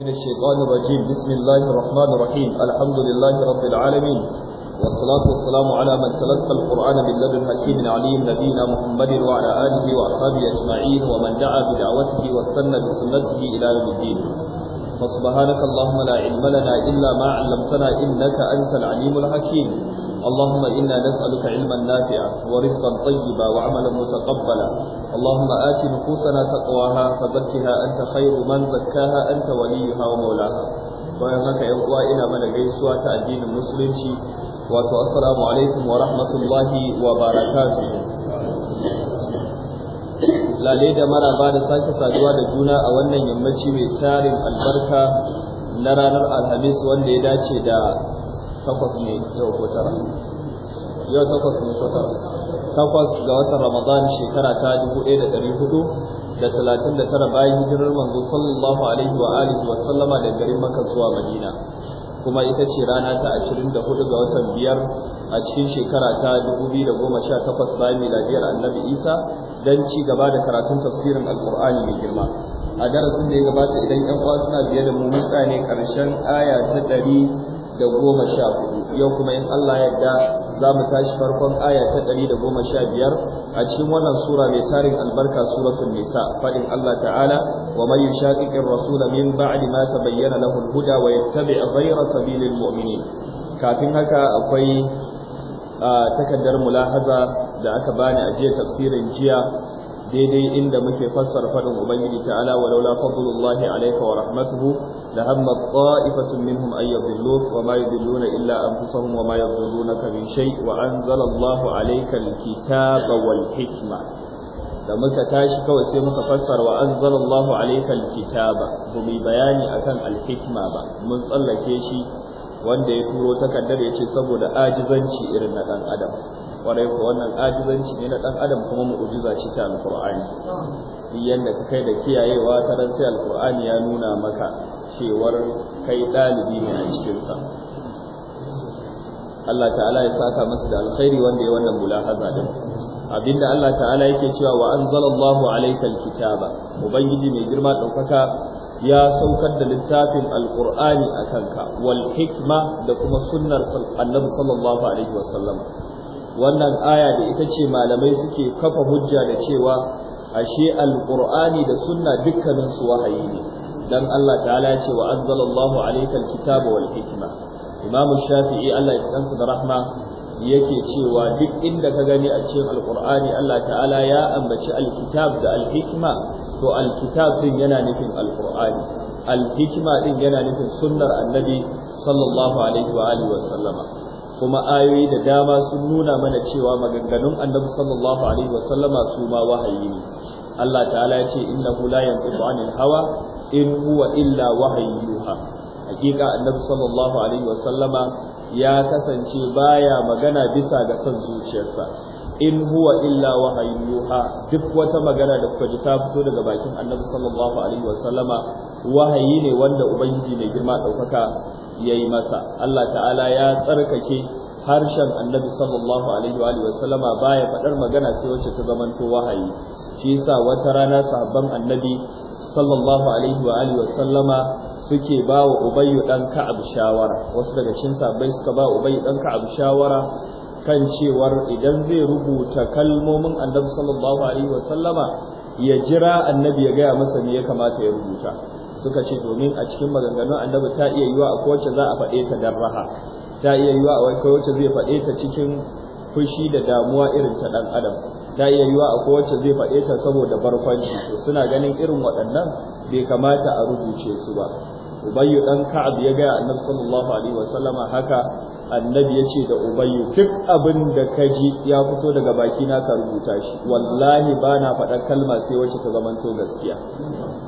من الشيطان الرجيم بسم الله الرحمن الرحيم الحمد لله رب العالمين والصلاة والسلام على من تلقى القرآن من لدن حكيم عليم نبينا محمد وعلى آله وأصحابه أجمعين ومن دعا بدعوته واستنى بسنته إلى يوم الدين فسبحانك اللهم لا علم لنا إلا ما علمتنا إنك أنت العليم الحكيم اللهم إنا نسألك علما نافعا ورزقا طيبا وعملا متقبلا اللهم آت نفوسنا تقواها فزكها أنت خير من زكاها أنت وليها ومولاها bayan haka ‘yan uwa ina mana gaisuwa ta addinin musulunci wato assalamu alaikum wa rahmatullahi wa barakatuhu da maraba da sake saduwa da juna a wannan yammaci mai tarin albarka na ranar alhamis wanda ya dace da takwas ne yau ko tara yau takwas ne ko tara takwas ga watan ramadan shekara ta dubu ɗaya da ɗari hudu da talatin da tara bayan hijirar manzo sallallahu alaihi wa alihi wa sallama da garin makka zuwa madina kuma ita ce rana ta ashirin da hudu ga watan biyar a cikin shekara ta dubu biyu da goma sha takwas bayan miladiyar annabi isa don ci gaba da karatun tafsirin alkur'ani mai girma a darasin da ya gabata idan yan uwa suna biye da mu mutane ƙarshen aya ta ɗari da goma sha hudu yau kuma in Allah yadda za mu tashi farkon aya ta ɗari da goma sha biyar a cikin wannan sura mai tarin albarka suratul nisa faɗin Allah ta'ala wa man yushaqiqir rasul min ba'di ma tabayyana lahu al-huda wa yattabi' ghayra sabilil mu'minin kafin haka akwai takaddar mulahaza da aka bani a jiya tafsirin jiya daidai inda muke fassara faɗin ubangiji ta'ala wa laula fadlullahi alayka wa rahmatuhu لهم طائفة منهم أن يضلوك وما يضلون إلا أنفسهم وما يضلونك من شيء وأنزل الله عليك الكتاب والحكمة لما muka fassara فسر وأنزل الله عليك الكتاب بمي بياني أكن الحكمة من صلى كيشي wanda ya turo takardar ya ce saboda ajizanci irin na ɗan adam kwarai ko wannan ajizanci ne na ɗan adam kuma mu'ujiza shi ta alƙur'ani duk yanda ka kai da kiyayewa ta ran sai ya nuna maka cewar kai ɗalibi ne a cikinsa Allah ta'ala ya saka masa da alkhairi wanda ya wannan mulahaza din abinda Allah ta'ala yake cewa wa anzalallahu alaykal kitaba ubangiji mai girma daukaka ya saukar da littafin alqur'ani akanka wal hikma da kuma sunnar annabi sallallahu alaihi wasallam wannan aya da ita ce malamai suke kafa hujja da cewa ashe alqur'ani da sunna dukkanin su wahayi ne dan Allah ta'ala ya ce wa azzalallahu alaykal kitaba wal hikma imamu shafi'i Allah ya kansa da rahma yake cewa duk inda ka gani a cikin alqur'ani Allah ta'ala ya ambaci alkitab da alhikma to alkitab din yana nufin alqur'ani alhikma din yana nufin sunnar annabi sallallahu alaihi wa alihi wa sallama kuma ayoyi da dama sun nuna mana cewa maganganun annabi sallallahu alaihi wa sallama su ma wahayi ne Allah ta'ala ya ce innahu la yanqutu anil hawa in huwa illa wahayi yuha hakika annabi sallallahu alaihi wasallama ya kasance baya magana bisa ga son zuciyarsa in huwa illa wahayi yuha duk wata magana da kuka ji ta fito daga bakin annabi sallallahu alaihi wasallama wahayi ne wanda ubangiji mai girma daukaka yayi masa Allah ta'ala ya tsarkake harshen annabi sallallahu alaihi wa sallama baya faɗar magana sai wacce ta zamanto wahayi shi yasa wata rana sahabban annabi sallallahu alaihi wa alihi wa sallama suke ba wa ubayyu dan ka'ab shawara wasu daga cikin sabbai suka ba ubayyu dan ka'ab shawara kan cewar idan zai rubuta kalmomin annabi sallallahu alaihi wa sallama ya jira annabi ya gaya masa me ya kamata ya rubuta suka ce domin a cikin maganganun annabi ta iya yiwa a kowace za a faɗe ta dan raha ta iya yiwa a kowace zai faɗe ta cikin fushi da damuwa irin ta dan adam ta iya yiwa a kowace zai faɗe ta saboda barkwanci to suna ganin irin waɗannan bai kamata a rubuce su ba ubayyu dan ka'ab ya ga annabi sallallahu alaihi wasallama haka annabi ya ce da ubayyu duk abin da ka ji ya fito daga baki na ka rubuta shi wallahi ba na faɗa kalma sai wacce ta zamanto gaskiya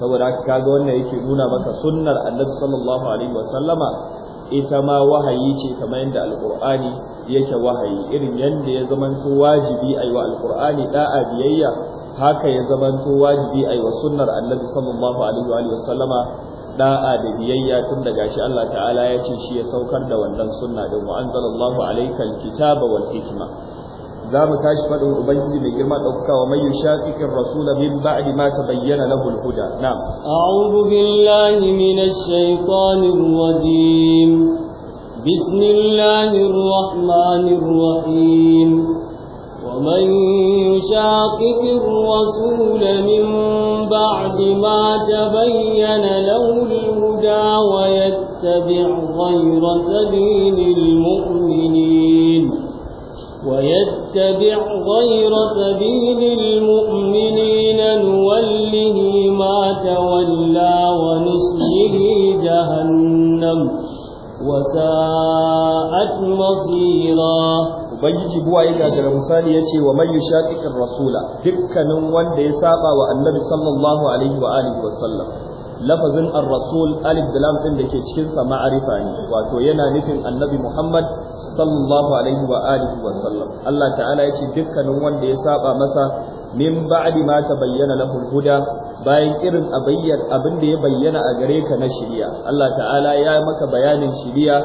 saboda haka kaga wannan yake nuna maka sunnar annabi sallallahu alaihi wasallama ita ma wahayi ce kamar yadda Alkur'ani yake wahayi irin yadda ya zamanto wajibi yi wa Alkur'ani da'a biyayya haka ya zamanto wajibi a yi wa sunnar annabi sallallahu alaihi wa sallama da'a da biyayya tun daga shi Allah ta'ala ya ce shi ya saukar da wannan sunna din wa anzalallahu alaikal kitaba wal hikma زام تاش فدو أبيس من كلمة أبكى ومن يشاكك الرسول من بعد ما تبين له الهدى نعم أعوذ بالله من الشيطان الرجيم بسم الله الرحمن الرحيم ومن يشاكك الرسول من بعد ما تبين له الهدى ويتبع غير سبيل المؤمن ويتبع غير سبيل المؤمنين نوله ما تولى ونصله جهنم وساءت مصيرا ubangiji buwa ya gagara misali ya ce wa man yushaqiqir rasula dukkanin wanda ya saba wa annabi sallallahu alaihi wa alihi wa sallam lafazin ar-rasul alif da lam din da ke cikin sa ma'arifa ne wato yana nufin annabi Muhammad sallallahu alaihi wa alihi wa sallam Allah ta'ala ya ce dukkanin wanda ya saba masa min ba'di ma tabayyana lahu al-huda bayan irin abinda abin da ya bayyana a gare ka na shirya. Allah ta'ala ya maka bayanin shirya.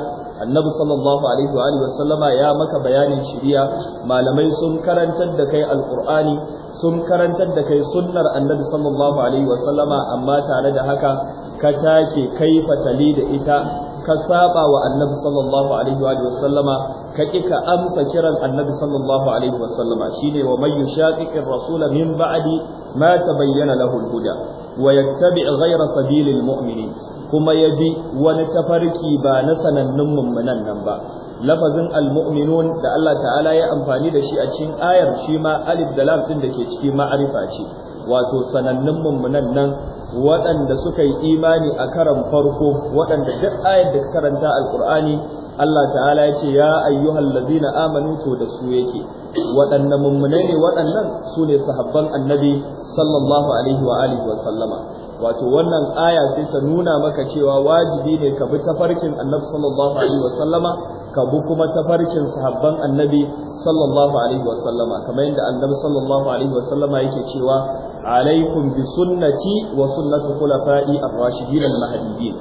annabi sallallahu alaihi wa alihi wasallama ya maka bayanin shiriya malamai sun karantar da kai alqur'ani sun karantar da kai sunnar annabi sallallahu alaihi wasallama amma tare da haka ka take kai fatali da ita ka saba wa annabi sallallahu alaihi wa sallama ka kika amsa kiran annabi sallallahu alaihi wa sallama shine wa may yushaqiqir rasula min ba'di ma tabayyana lahu al-huda wa yattabi' ghayra sabilil mu'minin kuma ya bi wani tafarki ba na sanannun mummunan nan ba lafazin almu'minun da Allah ta'ala ya amfani da shi a cikin ayar shi ma alif da lam din dake ciki ma'arifa ce wato sanannun mummunan nan waɗanda suka yi imani a karan farko waɗanda duk ayar da karanta alqur'ani Allah ta'ala ya ce ya ayyuhal ladina amanu to da su yake waɗanne mummunai ne waɗannan su ne sahabban annabi sallallahu alaihi wa alihi wa sallama wato wannan aya sai ta nuna maka cewa wajibi ne ka bi tafarkin annabi sallallahu alaihi sallama ka bi kuma tafarkin sahabban annabi sallallahu alaihi sallama. kamar yadda annabi sallallahu alaihi sallama yake cewa alaikum bi sunnati wa sunnati khulafa'i ar-rashidin al-mahdiyyin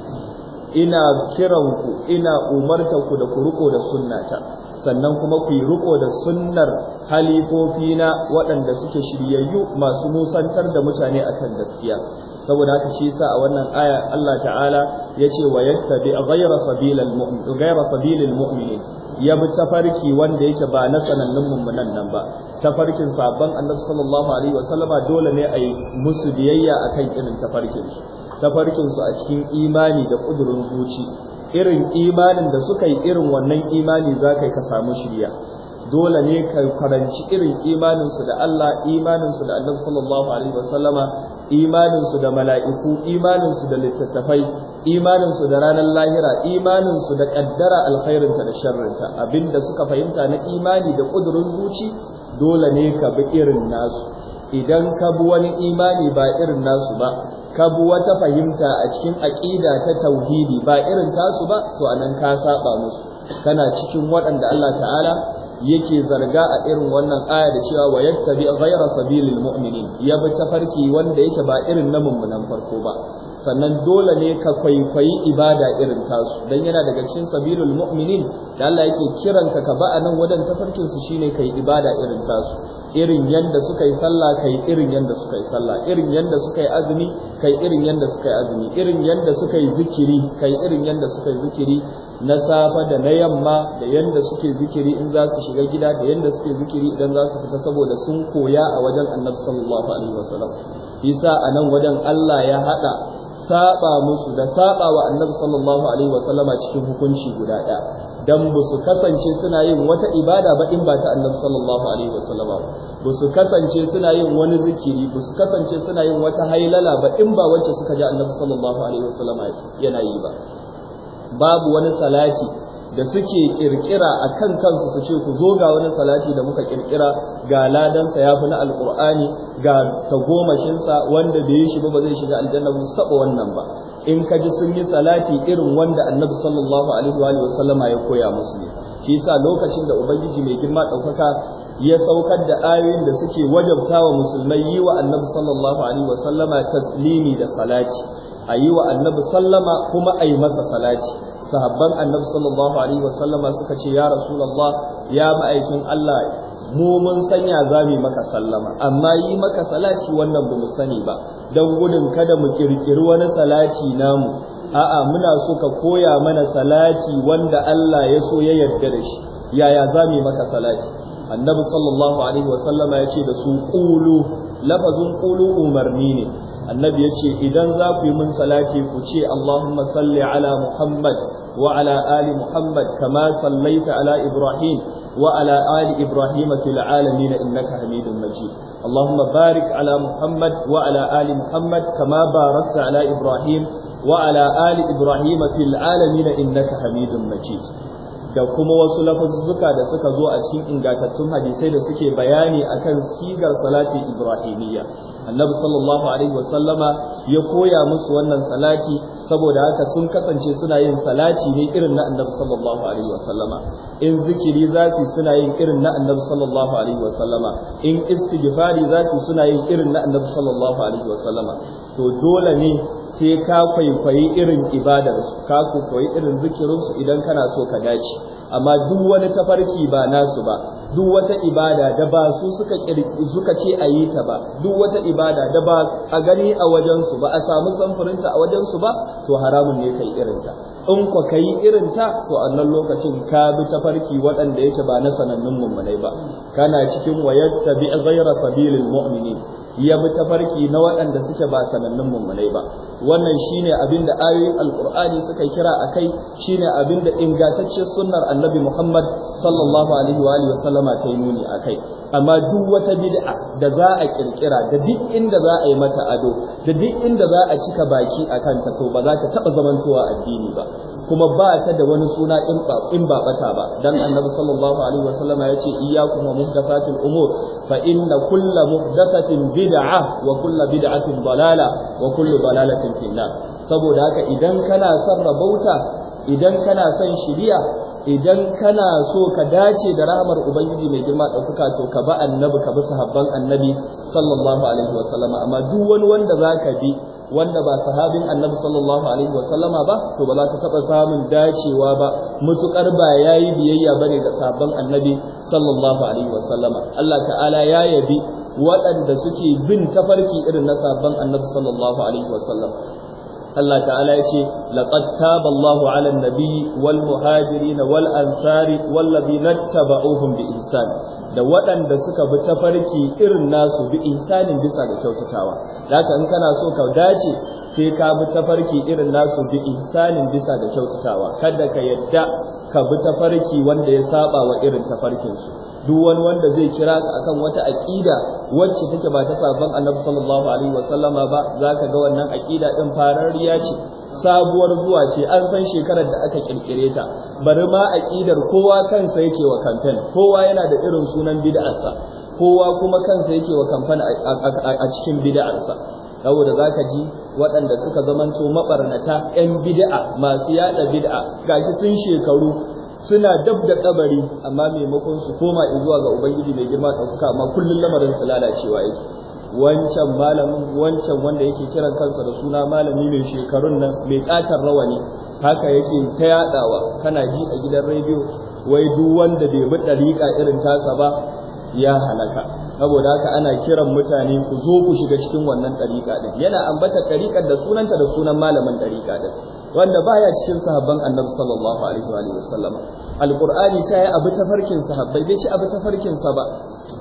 ina kiranku ina umartanku da ku riko da sunnata sannan kuma ku yi riko da sunnar halifofina waɗanda suke shiryayyu masu musantar da mutane akan gaskiya saboda haka shi sa a wannan aya Allah ta'ala yace wa yattabi ghayra sabilil mu'min ghayra sabilil mu'minin ya bi tafarki wanda yake ba na sanannun mummunan nan ba tafarkin sabon Annabi sallallahu alaihi wasallama dole ne a yi musu biyayya akan irin tafarkin su tafarkin su a cikin imani da kudurin zuci irin imanin da suka yi irin wannan imani za kai ka samu shirya dole ne ka karanci irin imaninsu da Allah imaninsu da Annabi sallallahu alaihi wasallama imaninsu da mala'iku imaninsu da littattafai imaninsu da ranar lahira imaninsu da ƙaddara alkhairinta da sharrinta abinda suka fahimta na imani da ƙudurin zuci dole ne ka bi irin nasu idan ka bi wani imani ba irin nasu ba ka bi wata fahimta a cikin aƙida ta tauhidi ba irin tasu ba to anan ka saba musu kana cikin waɗanda Allah ta'ala yake zarga a irin wannan aya da cewa wa yattabi ghayra sabilil mu'minin ya bi tafarki wanda yake ba irin na mummunan farko ba sannan dole ne ka kwaikwayi ibada irin tasu dan yana daga cikin sabilul mu'minin da Allah yake kiranka ka ba anan wadan tafarkin su shine kai ibada irin tasu irin yanda suka yi sallah kai irin yanda suka yi sallah irin yanda suka yi azumi kai irin yanda suka yi azumi irin yanda suka yi zikiri kai irin yanda suka yi zikiri na safa da na yamma da yadda suke zikiri in za su shiga gida da yadda suke zikiri idan za su fita saboda sun koya a wajen annabi sallallahu alaihi wasallam yasa a nan wajen Allah ya hada saba musu da saba wa annabi sallallahu alaihi wasallam cikin hukunci guda ɗaya dan ba su kasance suna yin wata ibada ba in ba ta annabi sallallahu alaihi wasallam ba su kasance suna yin wani zikiri ba su kasance suna yin wata hailala ba in ba wacce suka ji annabi sallallahu alaihi wasallam yana yi ba babu wani salati da suke kirkira a kan kansu su ce ku zo ga wani salati da muka kirkira ga ladansa ya fi na Alƙur'ani, ga tagomashinsa wanda bai ya shiga ba zai shiga aljanna ba saba wannan ba in ka ji sun yi salati irin wanda annabi sallallahu alaihi wa sallama ya koya musu ne shi yasa lokacin da ubangiji mai girma ɗaukaka ya saukar da ayoyin da suke wajabta wa musulmai yi wa annabi sallallahu alaihi wa sallama taslimi da salati a yi wa annabi sallama kuma a yi masa salati sahabban annabi sallallahu alaihi wasallama suka ce ya rasulullah ya ma'aikin Allah mu mun sanya za mu maka sallama amma yi maka salati wannan bamu sani ba don gudun kada mu kirkiri wani salati namu a'a muna so ka koya mana salati wanda Allah ya so ya yarda da shi yaya za mu maka salati annabi sallallahu alaihi wasallama ya ce da su qulu lafazin qulu umarni ne annabi ya ce idan za ku yi min salati ku ce Allahumma salli ala Muhammad وعلى آل محمد كما صليت على إبراهيم وعلى آل إبراهيم في العالمين إنك حميد مجيد اللهم بارك على محمد وعلى آل محمد كما باركت على إبراهيم وعلى آل إبراهيم في العالمين إنك حميد مجيد da kuma wasu lafazuzzuka da suka zo a cikin ingantattun hadisai da suke bayani akan sigar salati ibrahimiyya annabi sallallahu alaihi wasallama ya koya musu wannan salati saboda haka sun kasance suna yin salati ne irin na annabi sallallahu alaihi wasallama in zikiri za su suna yin irin na annabi sallallahu alaihi wasallama in istighfari za su suna yin irin na annabi sallallahu alaihi wasallama to dole ne sai ka kwaikwayi irin su, ka kwaikwayi irin zikirinsu idan kana so ka dace amma duk wani tafarki ba nasu ba duk wata ibada da ba su suka suka ce a yi ta ba duk wata ibada da ba a gani a wajensu ba a samu samfurinta a wajensu ba to haramun ne kai irinta in ku kai irin ta to annan lokacin ka bi ta farki waɗanda yake ba na sanannun mummunai ba kana cikin bi ghayra sabilil mu'minin ya bi ta farki na waɗanda suke ba sanannun mummunai ba wannan shine abin da ayoyi alqur'ani suka kira akai shine abin da ingantaccen sunnar annabi Muhammad sallallahu alaihi wa alihi wa sallama ta yi nuni akai amma duk wata bid'a da za a kirkira da duk inda za a yi mata ado da duk inda za a cika baki a kanta to ba za ta taɓa zamantowa addini ba kuma ba ta da wani suna in ba bata ba dan annabi sallallahu alaihi wasallam ya ce iyyakum wa muhdathatil umur fa inna kulla muhdathatin bid'a wa kulla bid'atin dalala wa kullu dalalatin finnar saboda haka idan kana son rabauta idan kana son shiriya idan kana so ka dace da rahamar ubangiji mai girma ɗaukaka to ka ba annabi ka bi sahabban annabi sallallahu alaihi wa sallama amma duk wani wanda zaka bi wanda ba sahabin annabi sallallahu alaihi wa sallama ba to ba za ka taɓa samun dacewa ba mutukar ba yayi biyayya bane da sahabban annabi sallallahu alaihi wa sallama Allah ta'ala ya yabi waɗanda suke bin tafarki irin na sahabban annabi sallallahu alaihi wa sallam Allah ta'ala ya ce laqad taba Allahu 'ala nabi wal na wal ansari na ladina tabauhum bi insan da waɗanda suka bi tafarki irin nasu bi isanin bisa ga kyautatawa haka in kana so ka dace sai ka bi tafarki irin nasu bi insanin bisa ga kyautatawa kada ka yadda ka bi tafarki wanda ya saba wa irin tafarkinsu duk wani wanda zai kira ka akan wata aqida wacce take ba ta saban Annabi sallallahu alaihi wasallama ba zaka ga wannan aqida din farariya ce sabuwar zuwa ce an san shekarar da aka kirkire ta bari ma aqidar kowa kansa yake wa kamfen kowa yana da irin sunan bid'arsa kowa kuma kansa yake wa kamfen a cikin bid'arsa saboda zaka ji waɗanda suka zamanto mabarnata 'yan bid'a masu yada bid'a gashi sun shekaru suna dab da kabari amma maimakon su koma zuwa ga ubangiji mai girma suka amma kullun lamarin su lalacewa yake wancan malamin wancan wanda yake kiran kansa da suna malami mai shekarun nan mai katar rawani haka yake ta yadawa kana ji a gidan rediyo wai duk wanda bai bi dariƙa irin tasa ba ya halaka saboda haka ana kiran mutane ku zo ku shiga cikin wannan ɗariƙa ɗin yana ambata ɗariƙar da sunanta da sunan malamin ɗariƙa ɗin wanda baya cikin sahabban annabi sallallahu alaihi wa sallam alqur'ani ta yi abu tafarkin sahabbai bai ci abu tafarkin sa ba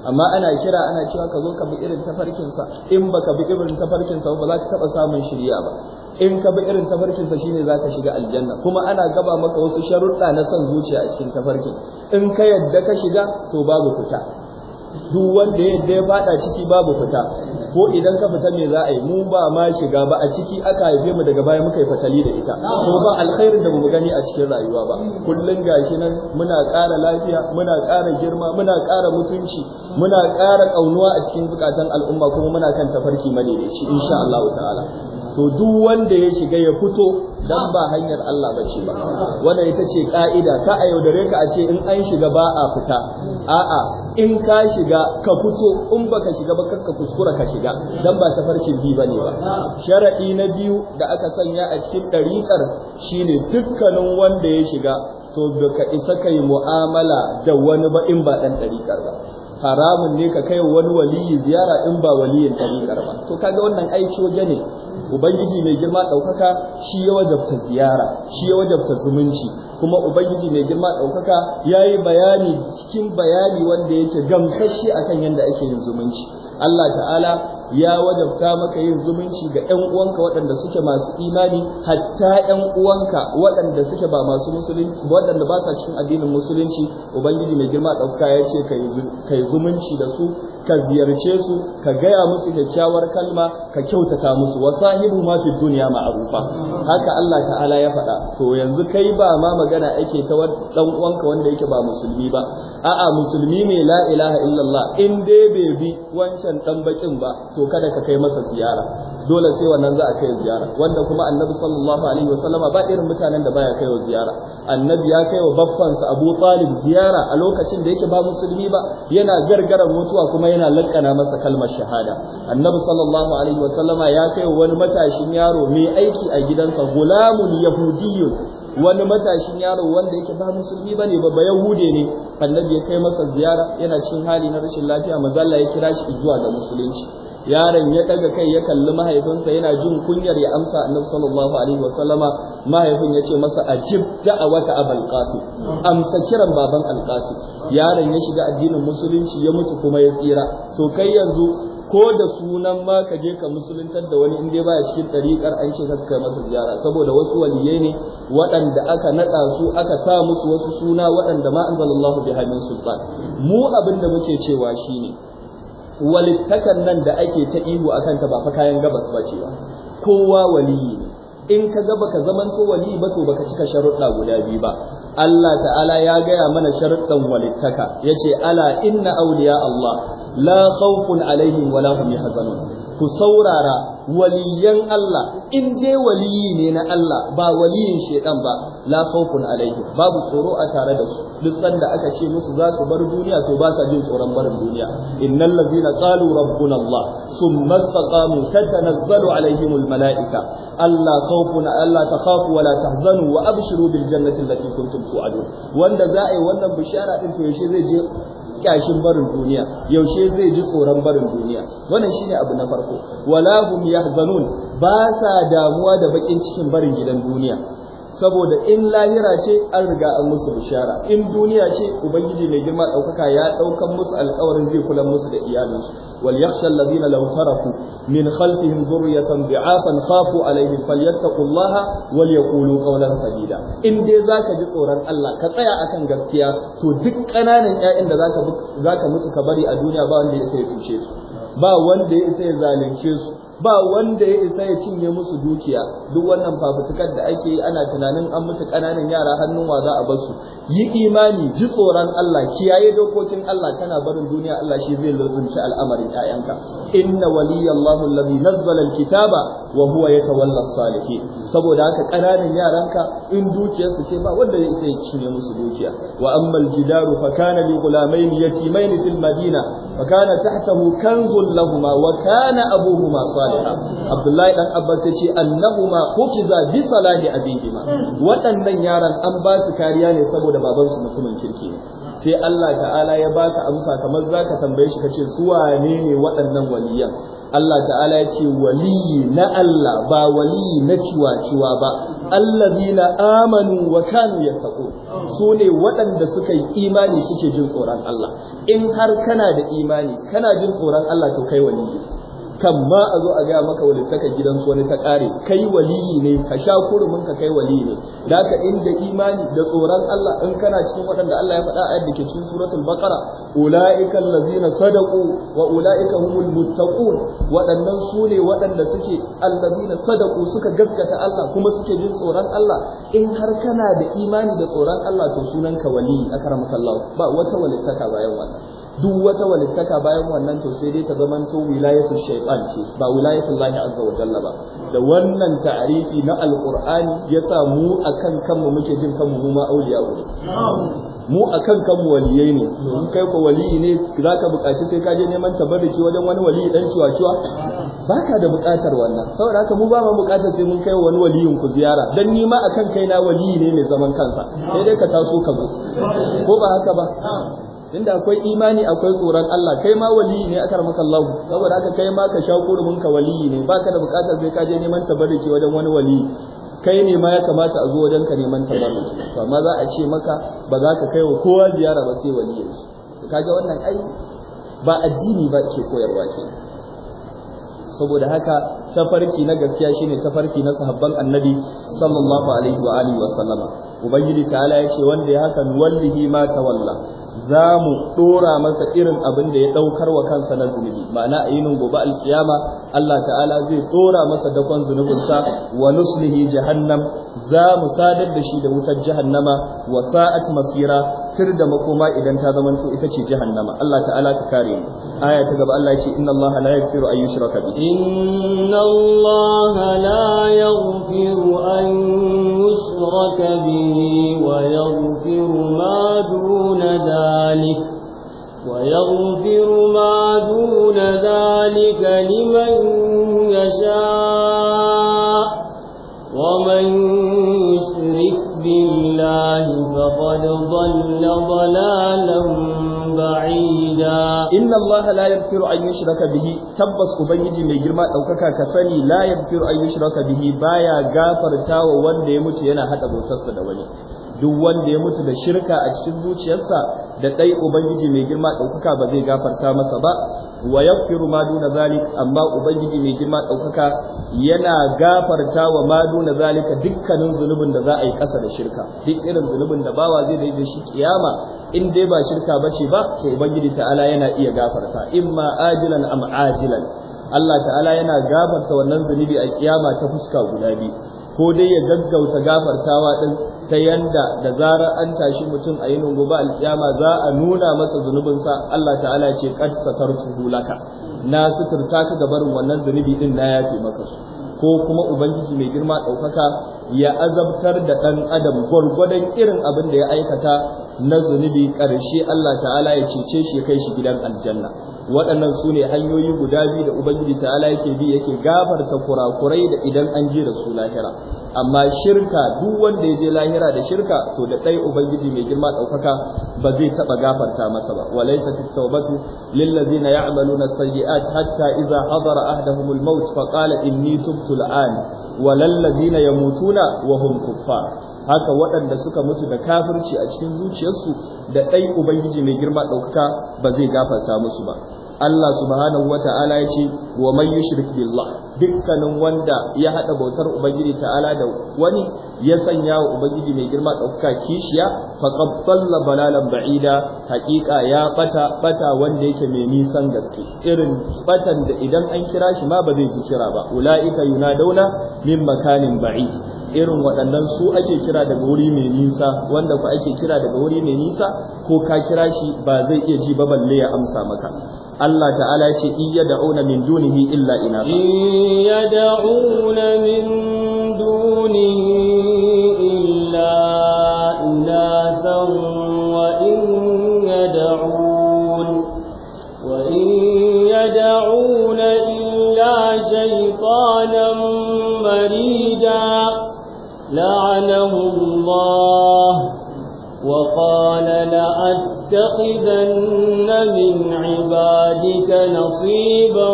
amma ana kira ana cewa ka zo ka bi irin tafarkin sa in baka bi irin tafarkin sa ba za ka taba samun shiriya ba in ka bi irin tafarkin sa shine zaka shiga aljanna kuma ana gaba maka wasu sharuɗa na son zuciya a cikin tafarkin in ka yadda ka shiga to babu fita duk wanda yadda ya fada ciki babu fita ko idan ka fita me za a yi mu ba ma shiga ba a ciki aka haife mu daga baya muka yi fatali da ita ko ba alkhairin da mu gani a cikin rayuwa ba kullun gashi nan muna ƙara lafiya muna ƙara girma muna ƙara mutunci muna ƙara ƙaunuwa a cikin zukatan al'umma kuma muna kan tafarki madaidaici insha Allah ta'ala to duk wanda ya shiga ya fito dan ba hanyar Allah bace ba wannan ita ce ka'ida ka a yaudare ka a ce in an shiga ba a fita a'a in ka shiga ka fito in baka shiga ba kakka kuskura ka shiga dan ba tafarkin bi bane ba sharadi na biyu da aka sanya a cikin ɗariƙar shine dukkanin wanda ya shiga to baka isa kai mu'amala da wani ba in ba dan ɗariƙar ba haramun ne ka kai wani waliyi ziyara in ba waliyin ɗariƙar ba to kaga wannan aiki waje ne ubangiji mai girma ɗaukaka shi ya wajabta ziyara shi ya wajabta zumunci kuma ubangiji mai girma ɗaukaka ya yi bayani cikin bayani wanda yake gamsashe akan yadda ake yin zumunci Allah ta'ala ya wajabta maka yin zumunci ga yan uwanka waɗanda suke masu imani hatta yan uwanka waɗanda suke ba masu musulunci waɗanda ba sa cikin addinin musulunci ubangiji mai girma ɗauka ya ce ka yi zumunci da su ka ziyarce su ka gaya musu kyakkyawar kalma ka kyautata musu wa sahibu ma fi duniya ma'arufa haka Allah ta'ala ya faɗa to yanzu kai ba ma magana ake ta dan uwanka wanda yake ba musulmi ba a'a musulmi ne la ilaha illallah in dai bai bi wancan ɗan bakin ba to to kada ka kai masa ziyara dole sai wannan za a kai ziyara wanda kuma annabi sallallahu alaihi wasallama ba irin mutanen da baya kai wa ziyara annabi ya kai wa babbansa Abu Talib ziyara a lokacin da yake ba musulmi ba yana gargaran mutuwa kuma yana lankana masa kalmar shahada annabi sallallahu alaihi wasallama ya kai wa wani matashin yaro mai aiki a gidansa gulamun yahudiyyun wani matashin yaro wanda yake ba musulmi bane ba ba yahude ne annabi ya kai masa ziyara yana cikin hali na rashin lafiya manzo ya kira shi zuwa ga musulunci yaron ya daga kai ya kalli mahaifinsa yana jin kunyar ya amsa annabi sallallahu alaihi wasallama mahaifin ya ce masa ajib wata abul qasim amsa kiran baban al qasim yaron ya shiga addinin musulunci ya mutu kuma ya tsira to kai yanzu ko da sunan ma ka je ka musuluntar da wani in inda baya cikin ɗariƙar an ce kai masa ziyara saboda wasu waliyai ne waɗanda aka naɗa su aka sa musu wasu suna waɗanda ma anzalallahu biha sultan mu abin da muke cewa shine walittakan nan da ake ta ihu akan kanta ba fa kayan gabas ba ce ba kowa waliyi in ka ga baka zaman to waliyi ba to baka cika sharuɗa guda biyu ba Allah ta'ala ya gaya mana sharuɗan walittaka ce, ala inna awliya Allah la khawfun alaihim wala la hum yahzanun ku saurara waliyan Allah in dai waliyi ne na Allah ba waliyin shedan ba la khawfun alaihim babu tsoro a tare da su duk sanda aka ce musu za su bar duniya to ba sa jin tsoron barin duniya innal ladzina qalu rabbuna Allah thumma istaqamu tatanazzalu alaihim mala'ika. Allah khawfun Allah takhafu wa la tahzanu wa abshiru bil jannati allati kuntum tu'adun wanda za a wannan bishara din to yaushe zai je kyashin barin duniya yaushe zai ji tsoron barin duniya wannan shine abu na farko wala hum yahzanun ba sa damuwa da bakin cikin barin gidan duniya saboda in lahira ce an riga an musu bishara in duniya ce ubangiji mai girma ɗaukaka ya ɗaukan musu alkawarin zai kula musu da iyalinsu wal yakhsha alladhina law taraku min khalfihim dhurriyatan bi'afan khafu alaihim falyattaqullaha wal yaqulu qawlan sadida in dai zaka ji tsoron Allah ka tsaya akan gaskiya to duk ƙananan ƴaƴan da zaka zaka mutu ka bari a duniya ba wanda ya ya tuce su ba wanda ya ya zalunce su ba wanda ya isa ya cinye musu dukiya duk wannan fafutukar da ake yi ana tunanin an mutu ƙananan yara hannun wa za a bar su yi imani ji tsoron Allah kiyaye dokokin Allah kana barin duniya Allah shi zai lazumci al'amarin ƴaƴanka inna waliyallahu allazi nazzala alkitaba wa huwa yatawalla salihin saboda haka ƙananan yaranka in dukiyarsu ce ba wanda ya isa ya cinye musu dukiya wa amma aljidaru fa kana li ghulamayn yatimayn fil madina fa kana tahtahu kanzun lahumā wa kana abūhumā salih Abdullahi dan Abbas ya ce annahuma hukiza bi salahi abihima waɗannan yaran an ba su kariya ne saboda baban su mutumin kirki ne sai Allah ta'ala ya baka amsa kamar zaka tambaye shi kace su wane ne waɗannan waliyan Allah ta'ala ya ce waliyi na Allah ba waliyi na ciwa-ciwa ba allazina amanu wa kanu yattaqun su ne waɗanda suka yi imani suke jin tsoron Allah in har kana da imani kana jin tsoron Allah to kai waliyi Kamma a zo a gaya maka walittaka gidansu wani ta ƙare kai waliyi ne ka sha kurumin ka kai waliyi ne da ka inda imani da tsoron Allah in kana cikin waɗanda Allah ya faɗa a yadda ke cikin suratul baqara ulaika allazina sadaqu wa ulaika humul muttaqun waɗannan su ne waɗanda suke allazina sadaqu suka gaskata Allah kuma suke jin tsoron Allah in har kana da imani da tsoron Allah to sunan ka waliyi akramaka Allah ba wata walittaka bayan wannan duk wata walittaka bayan wannan to sai dai ta zamanto wilayatul shaytan ce ba wilayatul lahi azza wa jalla ba da wannan ta'arifi na alqur'ani yasa mu akan kanmu muke jin kanmu mu ma auliya ne mu akan kanmu waliyai ne in kai ko wali ne zaka buƙaci sai ka je neman tabarruki wajen wani wali dan ciwa-ciwa baka da buƙatar wannan saboda haka mu ba mu buƙatar sai mun kai wani waliyin ku ziyara dan ni ma akan kaina wali ne mai zaman kansa sai dai ka taso ka zo ko ba haka ba tunda akwai imani akwai tsoron Allah kai ma waliyi ne akar maka Allah saboda haka kai ma ka sha kurumin ka waliyi ne baka da bukatar sai ka je neman tabarruki wajen wani wali. kai ne ma ya kamata a zo wajen ka neman tabarruki to amma za a ce maka ba za ka kai wa kowa ziyara ba sai waliyin shi kaga wannan ai ba addini ba ke koyarwa ke saboda haka tafarki na gaskiya shine tafarki na sahabban annabi sallallahu alaihi wa alihi wa sallama ubangiji ta'ala yace wanda ya haka wallahi ma tawalla za mu ɗora masa irin abin da ya ɗaukar wa kansa na zunubi ma'ana a yinin gobe alkiyama Allah ta'ala zai ɗora masa dakon zunubinsa wa nuslihi jahannam za mu sadar da shi da wutar jahannama wa sa'at masira tir da makoma idan ta zamanto ita ce jahannama Allah ta'ala ta kare mu aya ta gaba Allah ya ce inna Allah la yaghfiru an yushraka bi inna Allah la yaghfiru an yushraka bihi wa yaghfiru ma duna dhalik ويغفر ما دون ذلك لمن يشاء ومن الله فقد ضل ضلالا بعيدا إن الله لا يغفر أن يشرك به تبس أبنجي من جرما أو كاكا كسني لا يغفر أن يشرك به بايا غافر تاو وان ديمتي أنا حتى بوتسد ولي duk wanda ya mutu da shirka a cikin zuciyarsa da ɗai ubangiji mai girma ɗaukaka ba zai gafarta masa ba wa yaghfiru ma duna zalik amma ubangiji mai girma ɗaukaka yana gafarta wa ma duna zalika dukkanin zunubin da za a yi kasa da shirka duk irin zunubin da bawa zai da shi kiyama in dai ba shirka bace ba to ubangiji ta'ala yana iya gafarta imma ajilan am ajilan Allah ta'ala yana gafarta wannan zunubi a kiyama ta fuska guda biyu ko dai ya gaggauta gafartawa din ta yanda da zarar an tashi mutum a yinin gobe alkiyama za a nuna masa zunubinsa Allah ta'ala ce qad satartu hulaka na suturta ka ga barin wannan zunubi din na yafe maka su ko kuma ubangiji mai girma ɗaukaka ya azabtar da ɗan adam gwargwadon irin abin da ya aikata na zunubi ƙarshe Allah ta'ala ya cece shi kai shi gidan aljanna waɗannan su ne hanyoyi guda biyu da ubangiji ta'ala yake bi yake gafarta kurakurai da idan an je da su lahira amma shirka duk wanda ya je lahira da shirka to da ɗai ubangiji mai girma ɗaukaka ba zai taɓa gafarta masa ba walaysa tawbatu lillazina ya'maluna as-sayyi'at hatta idza hadara ahdahumul maut faqala inni tubtu al-an walallazina yamutuna wa hum kuffar haka waɗanda suka mutu da kafirci a cikin zuciyarsu da ɗai ubangiji mai girma ɗaukaka ba zai gafarta musu ba Allah subhanahu wa ta'ala ya ce wa man yushrik billah dukkanin wanda ya haɗa bautar ubangiji ta'ala da wani ya sanya wa ubangiji mai girma ɗaukaka kishiya faqad dalla balalan ba'ida haƙiƙa ya bata wanda yake mai nisan gaske irin batan da idan an kira shi ma ba zai ji kira ba ulaika dauna min makanin ba'id irin waɗannan su ake kira daga wuri mai nisa wanda ku ake kira daga wuri mai nisa ko ka kira shi ba zai iya ji ba balle ya amsa maka Allah ta'ala ya ce iya da'una min dunihi illa ina iya da'una min dunihi illa ina wa in yad'un wa in yad'una illa shaytanan marida لعنه الله وقال لأتخذن من عبادك نصيبا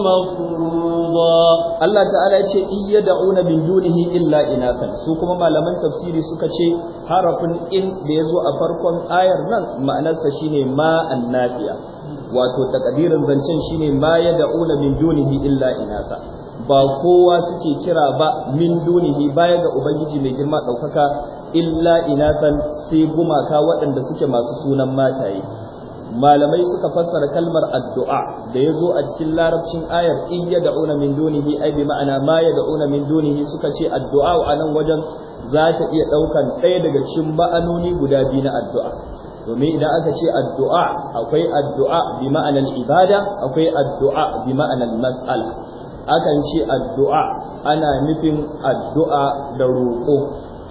مفروضا الله تعالى ce in yad'una min dunihi illa inatan su kuma malaman tafsiri suka ce harafin in da yazo a farkon ayar nan ma'anarsa shine ma wato takadirin zancen shine ma da min dunihi illa inatan ba kowa suke kira ba min dunihi baya ga ubangiji mai girma ɗaukaka illa san sai gumaka waɗanda suke masu sunan mataye malamai suka fassara kalmar addu'a da ya zo a cikin larabcin ayar in ya da'una min dunihi ai bi ma'ana ma ya da'una min dunihi suka ce addu'a a nan wajen za ta iya ɗaukan ɗaya daga cikin ma'anoni guda biyu na addu'a domin idan aka ce addu'a akwai addu'a bi ma'anar ibada akwai addu'a bi ma'anar mas'al akan ce addu'a ana nufin addu'a da roƙo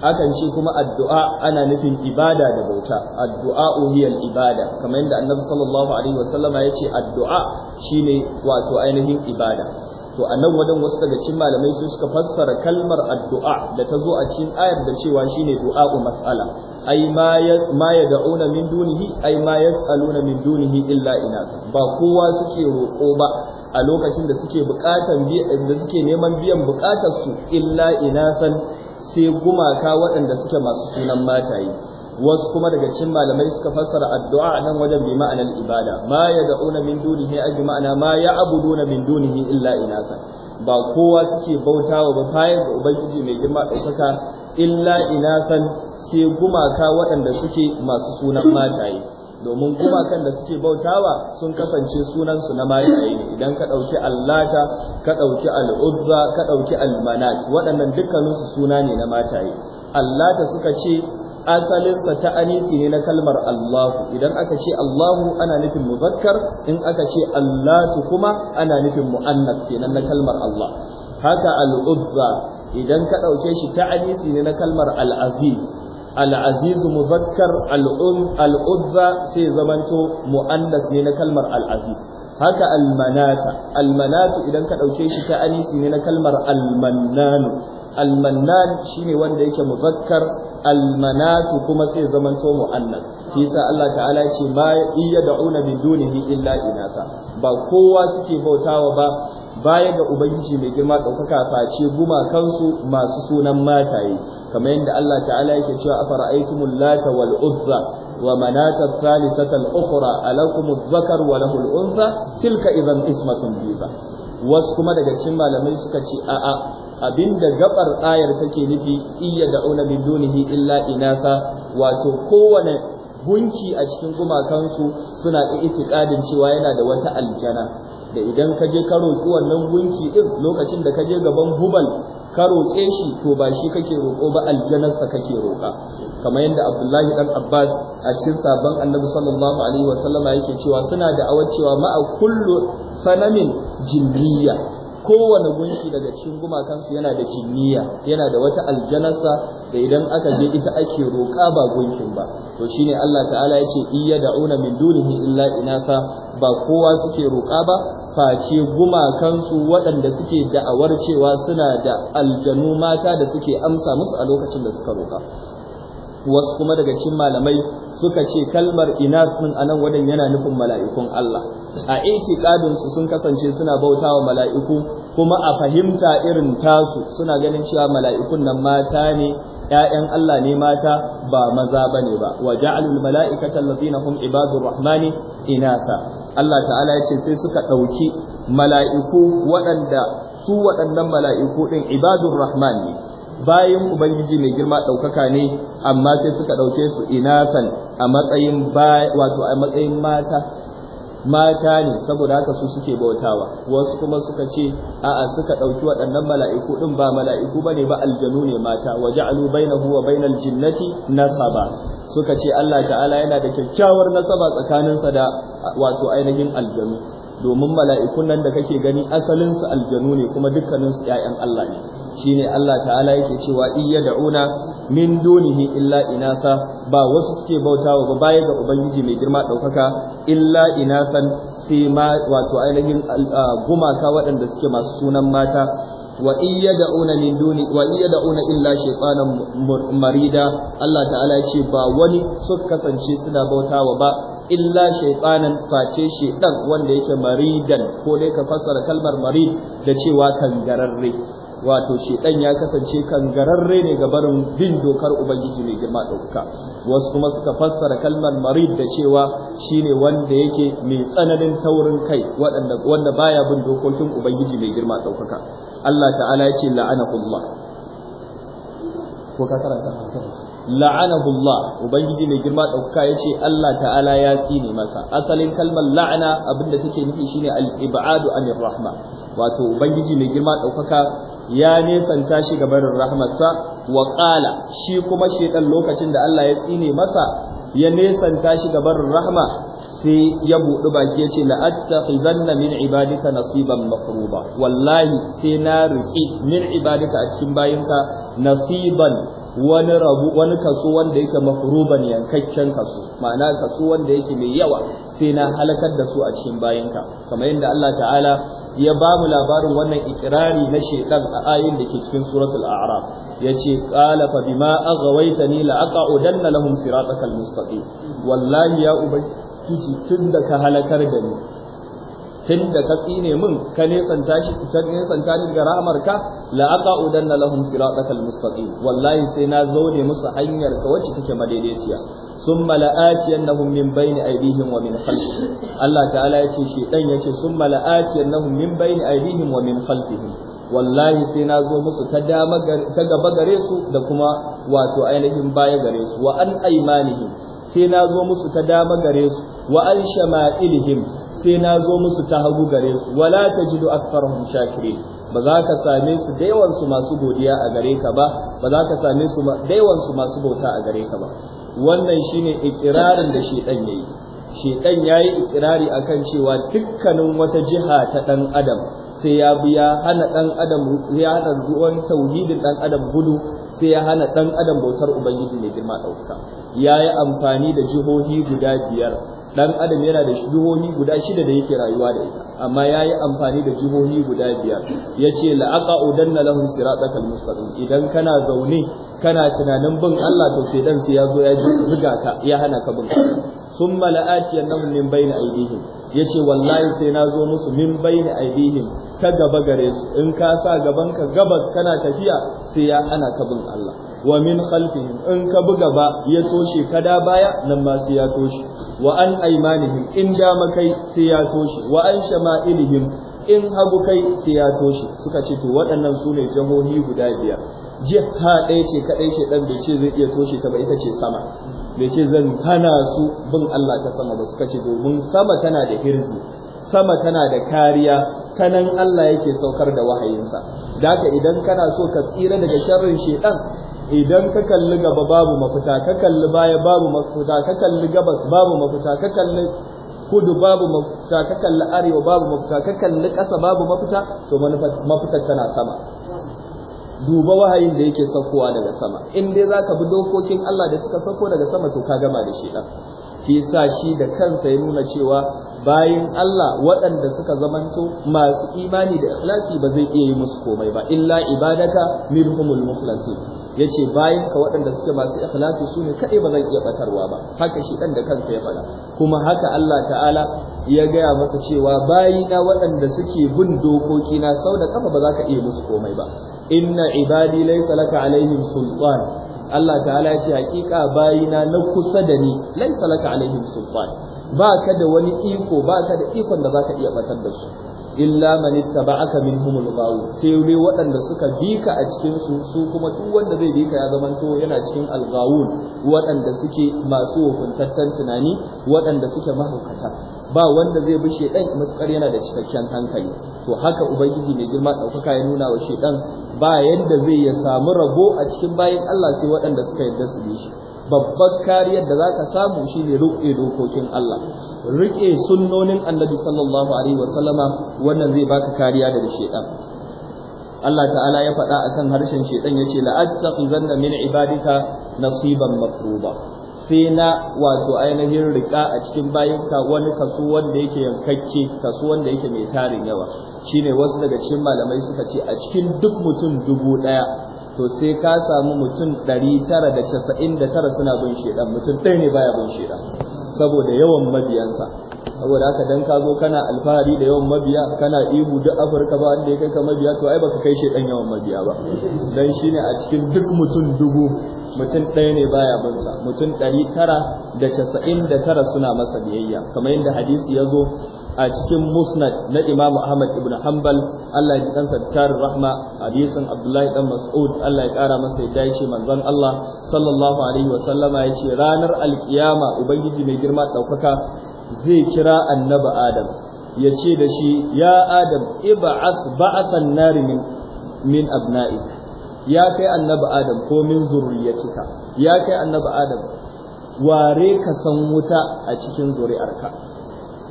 akan ce kuma addu'a ana nufin ibada da bauta addu'a hiyal ibada kamar yadda annabi sallallahu alaihi wasallama ya ce addu'a shine wato ainihin ibada to a nan wajen wasu daga cikin malamai sun suka fassara kalmar addu'a da ta zo a cikin ayar da cewa shine du'a'u mas'ala ai ma ya da'una min dunihi ai ma yas'aluna min dunihi illa ina ba kowa suke roƙo ba a lokacin da suke buƙatan da suke neman biyan buƙatar su illa san sai gumaka waɗanda suke masu sunan mataye wasu kuma daga cikin malamai suka fassara addu'a a nan wajen bi ma'anar ibada ma yad'una min dunihi ay ma'ana ma ya'buduna min dunihi illa inaka ba kowa suke bautawa ba bayan ga ubangiji mai girma ɗaukaka illa inasan sai gumaka waɗanda suke masu sunan mataye domin gumakan da suke bautawa sun kasance sunansu na mayaye ne idan ka ɗauki allata ka ɗauki al'uzza ka ɗauki almanat waɗannan dukkaninsu suna ne na mataye allata suka ce asalinsa ta ne na kalmar Allahu idan aka ce Allahu ana nufin muzakkar in aka ce Allatu kuma ana nufin mu'annas kenan na kalmar Allah haka al-uzza idan ka ɗauke shi ta ne na kalmar al-aziz al-aziz muzakkar al-uzza sai zamanto mu'annas ne na kalmar al-aziz haka al-manata al-manatu idan ka ɗauke shi ta anisi ne na kalmar al-mannanu almannan shine wanda yake muzakkar almanatu kuma sai zamanto muannas shi yasa Allah ta'ala ya ce ma yad'una min dunihi illa inasa ba kowa suke bautawa ba baya ga ubangiji mai girma ɗaukaka face gumakansu masu sunan mataye kamar yadda Allah ta'ala yake cewa afara'aytumul lata wal uzza wa manata thalithatal ukhra alakum adh-dhakar wa lahu al-untha tilka idhan ismatun biza wasu kuma daga cikin malamai suka ce a'a abinda gabar ayar take nufi iya da auna min dunihi illa inasa wato kowane gunki a cikin gumakansu suna da itikadin cewa yana da wata aljana da idan ka je ka roƙi wannan gunki din lokacin da ka je gaban hubal ka roƙe shi to ba shi kake roƙo ba aljanarsa kake roƙa kamar yadda Abdullahi dan Abbas a cikin sabon Annabi sallallahu alaihi wasallama yake cewa suna da awacewa ma'a kullu sanamin jinniya kowane gunki daga cikin gumakansu yana da jinniya yana da wata aljanasa da idan aka je ita ake roƙa ba gunkin ba to shine Allah ta'ala yace iya da'una min dunihi illa inatha ba kowa suke roƙa ba face gumakansu waɗanda suke da'awar cewa suna da aljanu mata da suke amsa musu a lokacin da suka roƙa wasu kuma daga cikin malamai suka ce kalmar inas din anan wadan yana nufin mala'ikun Allah a itiqadin su sun kasance suna bautawa mala'iku kuma a fahimta irin tasu suna ganin cewa mala'ikun nan mata ne ‘ya'yan Allah ne mata ba maza ba ne ba, wa ja'alul mala'ikata allazina hum ibadur rahmani inasa. Allah ta'ala ya ce sai suka ɗauki mala'iku waɗanda su waɗannan mala'iku ɗin ibadur rahmani. bayin ubangiji mai girma ɗaukaka ne amma sai suka ɗauke su inasan a matsayin wato a matsayin mata mata ne saboda haka su suke bautawa wasu kuma suka ce a'a suka ɗauki waɗannan mala'iku ɗin ba mala'iku bane ba aljanu ne mata wa ja'alu bainahu wa bainal jinnati nasaba suka ce Allah ta'ala yana da kyakkyawar nasaba tsakaninsa da wato ainihin aljanu domin mala'ikun nan da kake gani asalinsu aljanu ne kuma dukkanin 'ya'yan Allah ne shine Allah ta'ala yake cewa iya da'una min dunihi illa inasa ba wasu suke bautawa ba baya ga ubangiji mai girma ɗaukaka illa inasan sai ma wato ainihin gumaka waɗanda suke masu sunan mata wa iya da'una min duni wa iya da'una illa shaytanan marida Allah ta'ala ya ce ba wani suka kasance suna bautawa ba illa shaytanan face shaytan wanda yake maridan ko dai ka fassara kalmar marid da cewa kangararre wato shedan ya kasance kan gararre ne ga barin bin dokar ubangiji mai girma dauka wasu kuma suka fassara kalmar marid da cewa shine wanda yake mai tsananin taurin kai wanda wanda baya bin dokokin ubangiji mai girma daukaka Allah ta'ala ya ce la'anahullah ko ka karanta la'anahullah ubangiji mai girma daukaka yace Allah ta'ala ya tsine masa asalin kalmar la'ana abinda take nufi shine al-ibadu anir rahma wato ubangiji mai girma daukaka ya nesanta shi ga barin rahmarsa wa qala shi kuma shedan lokacin da Allah ya tsine masa ya nesanta shi ga barin rahma sai ya buɗi baki ya ce la'attakhizanna min ibadika nasiban mafruba wallahi sai na riƙi min ibadika a cikin bayinka nasiban wani rabu wani kaso wanda yake mafruban yankakken kaso ma'ana kaso wanda yake mai yawa sai na halakar da su a cikin bayanka kamar yadda Allah ta'ala ya ba mu labarin wannan ikirari na shaitan a ayin da ke cikin suratul a'raf yace qala fa bima aghawaitani la aqudanna lahum siratakal mustaqim wallahi ya ubangiji tunda ka halakar da ni tun da ka tsine min ka nesanta shi ka nesanta ni daga rahamar ka la aqudanna lahum siratal mustaqim wallahi sai na zaune musu hanyar ka wacce take madaidaiciya summa la'atiyannahum min bayni aydihim wa min khalfihim Allah ta'ala yace shi dan yace summa la'atiyannahum min bayni aydihim wa min khalfihim wallahi sai na zo musu ta dama ta gaba gare su da kuma wato ainihin baya gare su wa an aymanihim sai na zo musu ta dama gare su wa an shama'ilihim sai na zo musu ta hagu gare su wala tajidu aktharahum shakirin ba za ka same su da masu godiya a gare ka ba ba za ka same su da masu bauta a gare ka ba wannan shine ikirarin da shedan yayi shedan yayi ikirari kan cewa dukkanin wata jiha ta ɗan adam sai ya bi hana ɗan adam ya hana ruwan tauhidin ɗan adam gudu sai ya hana ɗan adam bautar ubangiji mai girma Ya yi amfani da jihohi guda biyar dan adam yana da jihohi guda shida da yake rayuwa da ita amma yayi amfani da jihohi guda biyar yace la udanna lahum siratal mustaqim idan kana zaune kana tunanin bin Allah to sai dan sai ya zo ya zuga ka ya hana ka bin summa la'atiyannahum min bayni aydihim yace wallahi sai nazo zo musu min bayni aydihim ta gaba gare su in ka sa gaban ka gabas kana tafiya sai ya hana ka bin Allah wa min khalfihim in ka buga ba ya toshe kada baya nan ma sai ya toshe wa an aimanihim in dama kai sai ya toshe wa an shama'ilihim in hagu kai sai ya toshe suka ce to waɗannan su ne jihohi guda biyar jiha ɗaya ce kaɗai ce ɗan bai ce zai iya toshe ta ba ita ce sama bai ce zan hana su bin Allah ta sama ba suka ce domin sama tana da hirzi sama tana da kariya kanan Allah yake saukar da wahayinsa da haka idan kana so ka tsira daga sharrin shedan idan ka kalli gaba babu mafita ka kalli baya babu mafita ka kalli gabas babu mafita ka kalli kudu babu mafita ka kalli arewa babu mafita ka kalli ƙasa babu mafita to mafita tana sama duba wahayin da yake saukowa daga sama in dai ka bi dokokin Allah da suka sauko daga sama to ka gama da shi ɗan shi sa shi da kansa ya nuna cewa bayan Allah waɗanda suka zamanto masu imani da ikhlasi ba zai iya yi musu komai ba illa ibadaka minhumul muflasin yace bayan ka waɗanda suke masu ikhlasi sune ne kadai ba zan iya batarwa ba haka shi dan da kansa ya faɗa kuma haka Allah ta'ala ya gaya masa cewa bayi waɗanda suke bin dokoki na sau da kafa ba za ka iya musu komai ba inna ibadi laysa laka alaihim sultan Allah ta'ala ya ce hakika bayina na kusa da ni laysa laka alaihim sultan ba ka da wani iko ba ka da ikon da za ka iya batar da su illa man ittaba'aka al ghawu sai dai waɗanda suka bi ka a cikin su su kuma duk wanda zai bika ka ya zamanto yana cikin alghawun waɗanda suke masu hukuntattan tunani waɗanda suke mahaukata ba wanda zai bi shedan matukar yana da cikakken hankali to haka ubangiji mai girma ɗaukaka ya nuna wa shedan ba yanda zai ya samu rabo a cikin bayin Allah sai waɗanda suka yarda su bi shi babbar kariyar da za ka samu shi ne, riƙe dokokin Allah riƙe sunnonin Annabi sallallahu alaihi wasallama wannan zai baka kariya daga shaitan Allah ta'ala ya faɗa akan harshen shaytan yace la'attaqizanna min ibadika nasiban maqruba sai na wato ainihin rika a cikin bayanka wani kaso wanda yake yankakke kaso wanda yake mai tarin yawa shine wasu daga cikin malamai suka ce a cikin duk mutum dubu ɗaya. to sai ka samu mutum 999 suna bin shedan mutum ɗaya ne baya bin shedan saboda yawan mabiyansa saboda haka dan ka zo kana alfahari da yawan mabiya kana ihu duk afirka ba wanda ya kai ka mabiya to ai baka kai shedan yawan mabiya ba dan shine a cikin duk mutum dubu mutum ɗaya ne baya bin sa mutum 999 suna masa biyayya kamar yadda hadisi ya zo a cikin musnad na Imam Ahmad ibn Hanbal Allah ya ji kansa tar rahma hadisin Abdullahi dan Mas'ud Allah ya kara masa ya dace manzon Allah sallallahu alaihi wa sallama ya ce ranar alkiyama ubangiji mai girma daukaka zai kira annabi Adam ya ce da shi ya Adam ib'ath ba'athan nari min min abna'ik ya kai annabi Adam ko min zurriyatika ya kai annabi Adam ware ka san wuta a cikin zuri'arka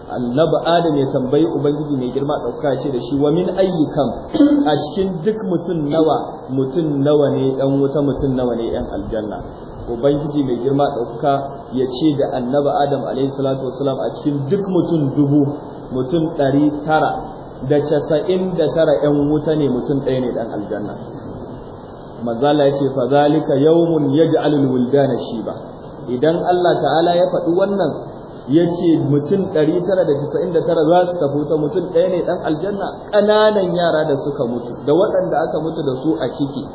annabi adam ya tambayi ubangiji mai girma ɗauka ce da shi wa min ayyukan a cikin duk mutum nawa mutum nawa ne ɗan wuta mutum nawa ne ɗan aljanna ubangiji mai girma ɗauka ya ce da annabi adam alaihi salatu wasalam a cikin duk mutum dubu mutum ɗari tara da casa'in da tara ɗan wuta ne mutum ɗaya ne ɗan aljanna manzala ya ce fa zalika yawmun yaj'alul wuldana shiba idan Allah ta'ala ya faɗi wannan ya ce mutum 999 za su tafi ta mutum ɗaya ne ɗan aljanna ƙananan yara da suka mutu da waɗanda aka mutu da su a ciki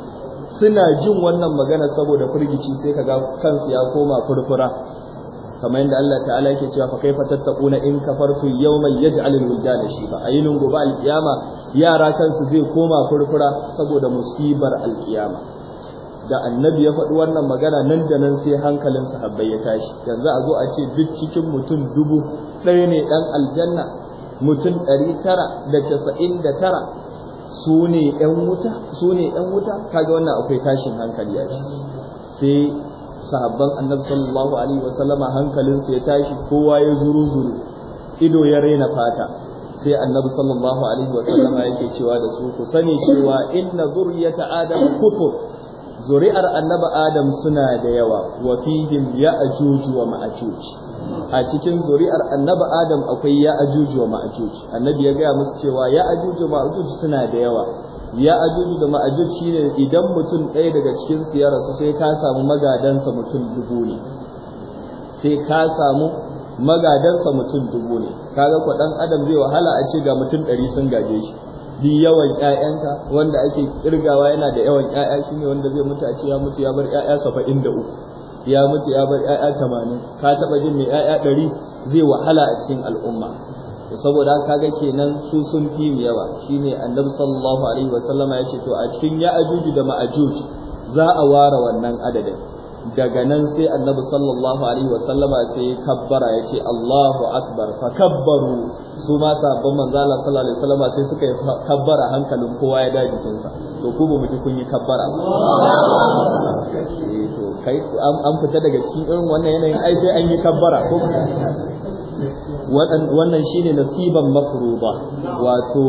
suna jin wannan magana saboda firgici sai ka ga kansu ya koma furfura kamar yadda Allah ta'ala yake cewa fa kaifa tattaquna in kafartu yawman yaj'al al-wildana shiba ayinun gobe al-qiyama yara kansu zai koma furfura saboda musibar al da annabi ya faɗi wannan magana nan da nan sai hankalin sahabbai ya tashi yanzu a zo a ce duk cikin mutum dubu ɗaya ne ɗan aljanna mutum ɗari tara da casa'in da tara su ne ‘yan wuta su ne kaga wannan akwai tashin hankali a ciki sai sahabban annabi sallallahu alaihi wasallama hankalinsa ya tashi kowa ya zuru zuru ido ya raina fata sai annabi sallallahu alaihi wasallama yake cewa da su ku sani cewa inna zurriyata adam kufur zuri'ar annabi adam suna da yawa wa fihim ya'juj wa ma'juj a cikin zuri'ar annabi adam akwai ya'juj wa ma'juj annabi ya gaya musu cewa ya'juj wa ma'juj suna da yawa ya'juj da ma'juj shine idan mutum ɗaya daga cikin su ya rasu sai ka samu magadansa mutum dubu ne sai ka samu magadansa mutum dubu ne kaga ko dan adam zai wahala a ce ga mutum ɗari sun gaje shi duk yawan ƴaƴanka wanda ake kirgawa yana da yawan ƴaƴa shine wanda zai mutu a ce ya mutu ya bar ƴaƴa saba'in da uku ya mutu ya bar ƴaƴa tamanin ka taɓa jin mai ƴaƴa ɗari zai wahala a cikin al'umma saboda kaga kenan su sun fi mu yawa shine annabi sallallahu alaihi wasallama ya ce to a cikin ya'ajuj da ma'ajuj za a ware wannan adadin daga nan sai annabi sallallahu alaihi wasallama sai ya kabbara ya ce Allahu akbar fa kabbaru su ma sabon manzo Allah sallallahu alaihi wasallama sai suka yi kabbara hankalin kowa ya daji kinsa to ku ba muji kun yi kabbara eh, to kai an fita daga cikin irin wannan yanayin ai sai an yi kabbara ko wannan shine nasiban makruba wato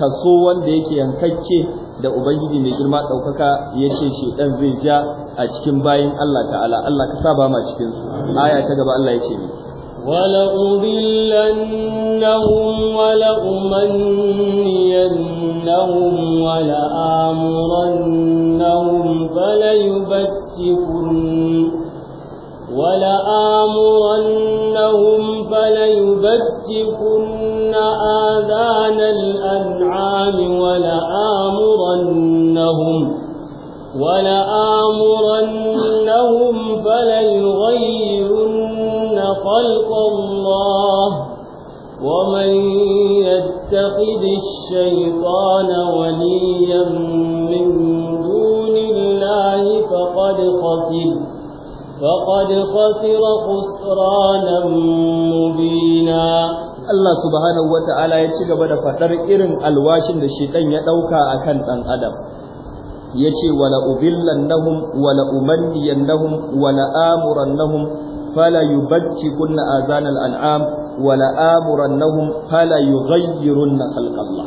kaso wanda yake yankakke da ubangiji mai girma ɗaukaka ya ce shi dan zai ja a cikin bayan Allah ta'ala Allah ka saba ma cikin su aya ta gaba Allah ya ce ni wala ولأمنينهم fala فليبتكن ولآمرنهم فليبتكن آذان الأنعام ولآمرنهم ولآمرنهم فليغيرن خلق الله ومن يتخذ الشيطان وليا من دون الله فقد خسر فقد خسر خسرانا مبينا Allah subhanahu wata'ala ya ci gaba da fadar irin alwashin da shedan ya dauka akan dan adam yace wala ubillannahum wala umanniyannahum wala amurannahum fala kunna azanal an'am wala amurannahum fala yughayyirunna khalqallah